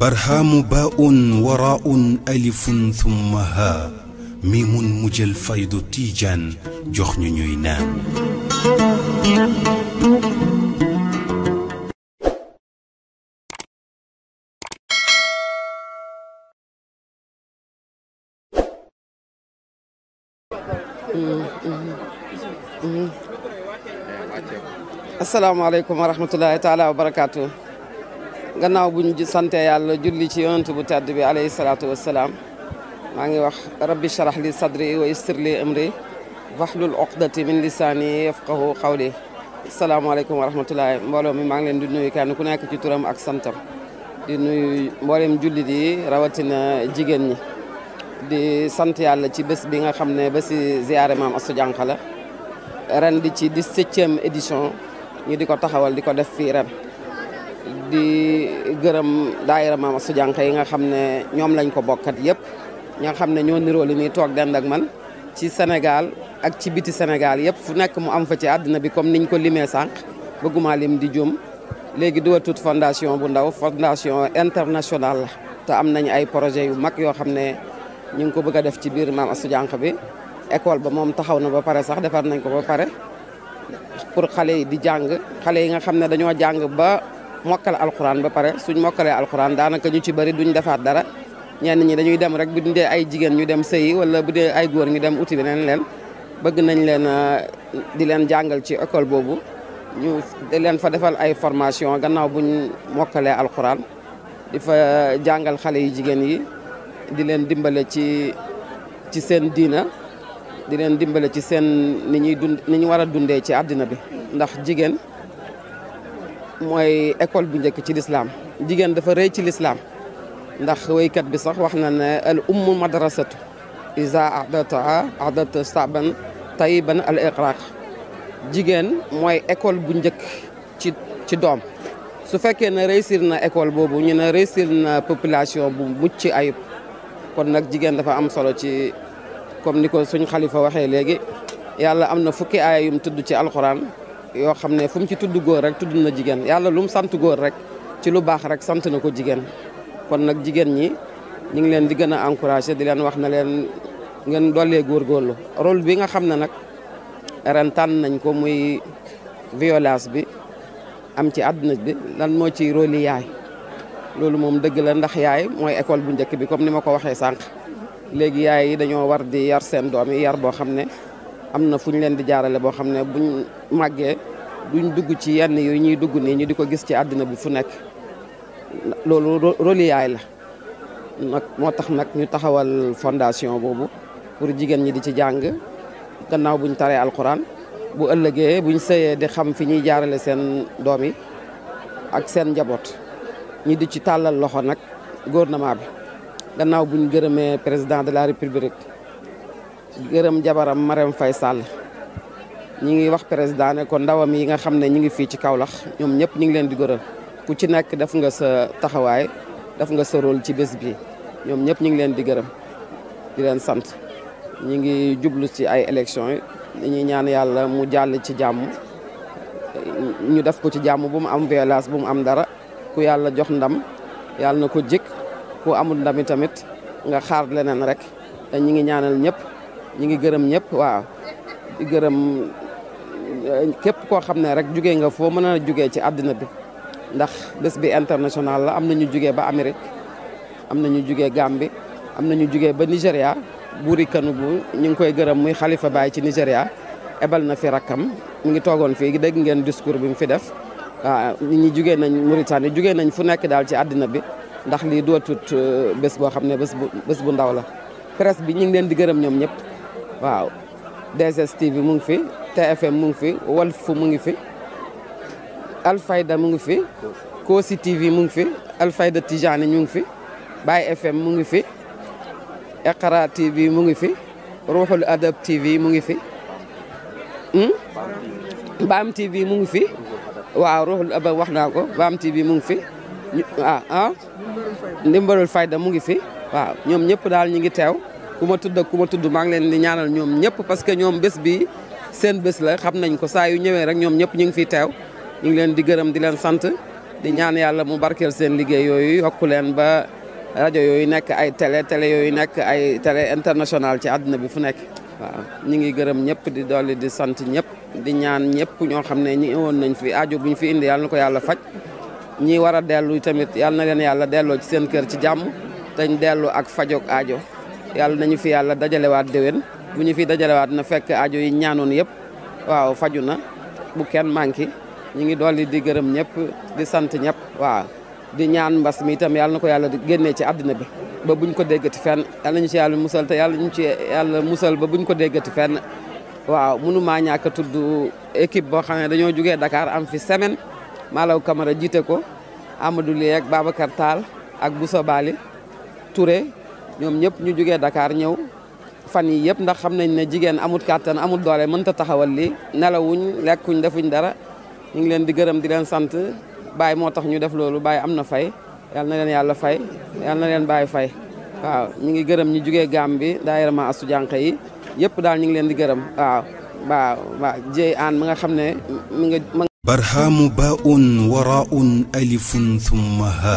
برهام باء وراء ألف ثم ها ميم مجل فيض تيجان جخن نينان السلام عليكم ورحمة الله تعالى وبركاته gannaaw buñu ñu sante yàlla julli ci yonent bu tedd bi alayhi salatu wassalam ma ngi wax rabbi sharax li sadri wa yassir li amri waxlul uqdati min lisani yafqahu qawli assalamu alaykum wa rahmatullahi mbolo mi ma ngi len di nuyu kan ku nek ci turam ak santam di nuyu mboolem jullit yi rawatina jigen ñi di sante yàlla ci bés bi nga xamne ba ci ziaré mam Astou jankala la ci 17e édition ñu diko taxawal diko def fi ren di gërëm daayira Maam Astu Jànq yi nga xam ne ñoom lañ ko bokkat yëpp ñi xam ne ñoo niroo li nii toog den ak man ci Sénégal ak ci biti Sénégal yëpp fu nekk mu am fa ci àddina bi comme niñ ko limee sànq bëgguma lim di jum léegi du tut fondation bu ndaw fondation internationale la te am nañ ay projet yu mag yoo xam ne ñu ngi ko bëgg a def ci biir Maam Astu Jànq bi école ba moom taxaw na ba pare sax defar nañ ko ba pare pour xale yi di jàng xale yi nga xam ne dañoo jàng mokkal alxuraan ba pare suñ mokkalee alxuraan daanaka ñu ci bari duñ defaat dara ñenn ñi dañuy dem rek bu ñu dee ay jigéen ñuy dem sëyi wala bu dee ay góor ñu dem uti beneen leen bëgg nañ leen euh, di leen jàngal ci école boobu ñu di leen fa defal ay formation gannaaw buñ mokkalee alxuraan di fa jàngal xale yu jigéen yi di leen dimbale ci ci seen diina di leen dimbale ci seen ni ñuy dund ni ñu war a dundee ci àddina bi ndax jigéen mooy école bu njëkk ci lislaam jigéen dafa rëy ci lislaam ndax wéykat bi sax wax na ne al ummu madrasatu isa adata adata saban tayiban al iqraq jigéen mooy école bu njëkk ci ci doom su fekkee ne réussir na école boobu ñu ne réussir na population bu mucc ci ayib kon nag jigéen dafa am solo ci comme ni ko suñ xalifa waxee léegi yàlla am na fukki aaya yum tudd ci alxuraan yoo xam ne fu mu ci tudd góor rek tudd na jigéen yàlla lu mu sant góor rek ci lu baax rek sant na ko jigéen kon nag jigéen ñi ñu ngi leen di gën a encouragé di leen wax na leen ngeen dollee góorgóorlu rôle bi nga xam ne nag ren tànn nañ ko muy violence bi am ci àdduna bi lan moo ci rôle loolu moom dëgg la ndax yaay mooy école bu njëkk bi comme ni ma ko waxee sànq léegi yaay yi dañoo war di yar seen doomi yar boo xam ne am na fu ñu leen di jaarale boo xam ne bu buñ màggee duñ dugg ci yenn yu ñuy dugg nii ñu di ko gis ci àddina bi fu nekk loolu reliyaay la nag moo tax nag ñu taxawal fondation boobu pour jigéen ñi di ci jàng gannaaw buñ taree alxuraan bu ëllëgee buñ sëyee di xam fi ñuy jaarale seen doom yi ak seen njaboot ñi di ci tàllal loxo nag gouvernement bi gannaaw bu buñ gërëmee président de la république gërëm jabaram Marème fay Sall ñi ngi wax président ne ko ndawam yi nga xam ne ñi ngi fii ci kawlax ñoom ñëpp ñi ngi leen di gërëm ku ci nekk def nga sa taxawaay def nga sa ci bés bi ñoom ñëpp ñi ngi leen di gërëm di leen sant ñi ngi jublu ci ay élections yi dañuy ñaan yàlla mu jàll ci jàmm ñu def ko ci jàmm bu mu am violence bu mu am dara ku yàlla jox ndam yàlla na ko jik ku amul ndami tamit nga xaar leneen rek ñi ngi ñaanal ñëpp ñi ngi gërëm ñëpp waaw di gërëm eh, képp koo xam ne rek jugee nga foo mën jugee ci àddina bi ndax bés bi international la am na ñu jugee ba Amérique am na ñu jugee Gambie am na ñu jugee ba Nigéria buuri kanu bu ñu ngi koy gërëm muy Xalifa Baay ci Nigéria ebal na fi rakkam mu ngi toogoon fii dégg ngeen discours bi mu fi def waaw ñu jugee nañ Mauritanie jugee nañ fu nekk daal ci àddina bi ndax lii dootut eh, bés boo xam ne bés bu bu ndaw la presse bi ñu ngi leen di gërëm ñoom ñëpp waaw 2STV mu ngi fi TFM mu ngi fi Walf mu ngi fi Alfayda mu ngi fi Kosi TV mu ngi fi Alfayda Tijani ñu ngi fi Baye FM mu ngi fi Iqra TV mu ngi fi Ruhul Adab TV mu ngi fi Baam TV mu ngi fi waaw Ruhul Adab wax naa ko Baam TV mu ngi fi ah ah Fayda mu ngi fi waaw ñoom ñëpp daal ñu ngi teew ku ma tudd ak tudd maa ngi leen di ñaanal ñoom ñëpp parce que ñoom bés bi seen bés la xam nañ ko saa yu ñëwee rek ñoom ñëpp ñu ngi fiy teew ñu ngi leen di gërëm di leen sant di ñaan yàlla mu barkeel seen liggéey yooyu yokk leen ba rajo yooyu nekk ay télé tele yooyu nekk ay télé international ci àdduna bi fu nekk. waaw ñu ngi gërëm ñëpp di dolli di sant ñëpp di ñaan ñëpp ñoo xam ne ñi woon nañ fi aajo buñ fi indi yàlla na ko yàlla faj ñi war a dellu tamit yàlla na leen yàlla delloo ci seen kër ci jàmm dañ dellu ak fajook aajo. yàlla nañu fi yàlla dajalewaat déwén bu ñu fi dajalewaat na fekk aajo yi ñaanoon yëpp waaw faju na bu kenn manqué ñu ngi dolli di gërëm ñëpp di sant ñëpp waaw di ñaan mbas mi itam yàlla na ko yàlla génnee ci àddina bi ba buñ ko déggati fenn yàlla ñu ci yàlla musal te yàlla ñu ci yàlla musal ba bu buñ ko déggati fenn waaw mënu maa ñàkk a tudd équipe bo xam ne dañoo jugee Dakar am fi semaine Malaw Camara jiite ko Amadou Ly ak Babacar Tall ak Boussa Bali ñoom ñëpp ñu jugee Dakar ñëw fan yi yëpp ndax xam nañ ne jigéen amut kàttan amut doole mën ta taxawal lii nelawuñ lekkuñ defuñ dara ñu ngi leen di gërëm di leen sant Baye moo tax ñu def loolu Baye am na fay yal na leen yàlla fay yal na leen Baye fay waaw ñu ngi gërëm ñi jugee gàmm bi daayira ma astu jànq yi yëpp daal ñu ngi leen di gërëm waaw waaw waaw jéy mi nga xam ne mi nga barhaamu baaun waraun alifun thumma ha